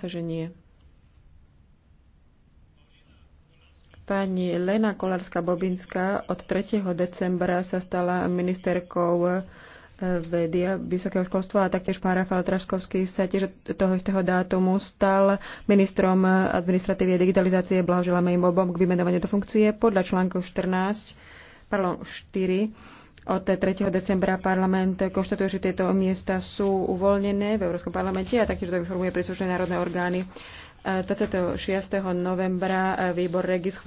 sa, že nie. Pani Lena Kolárska-Bobinská od 3. decembra sa stala ministerkou e, vedy a vysokého školstva a taktiež pán Rafael Traškovský sa tiež toho istého dátumu stal ministrom administratívy a digitalizácie. Blahoželáme im obom k vymenovaniu do funkcie podľa článku 14, pardon, 4 od 3. decembra parlament konštatuje, že tieto miesta sú uvoľnené v Európskom parlamente a taktiež to informuje príslušné národné orgány. 26. E, novembra e, výbor Regis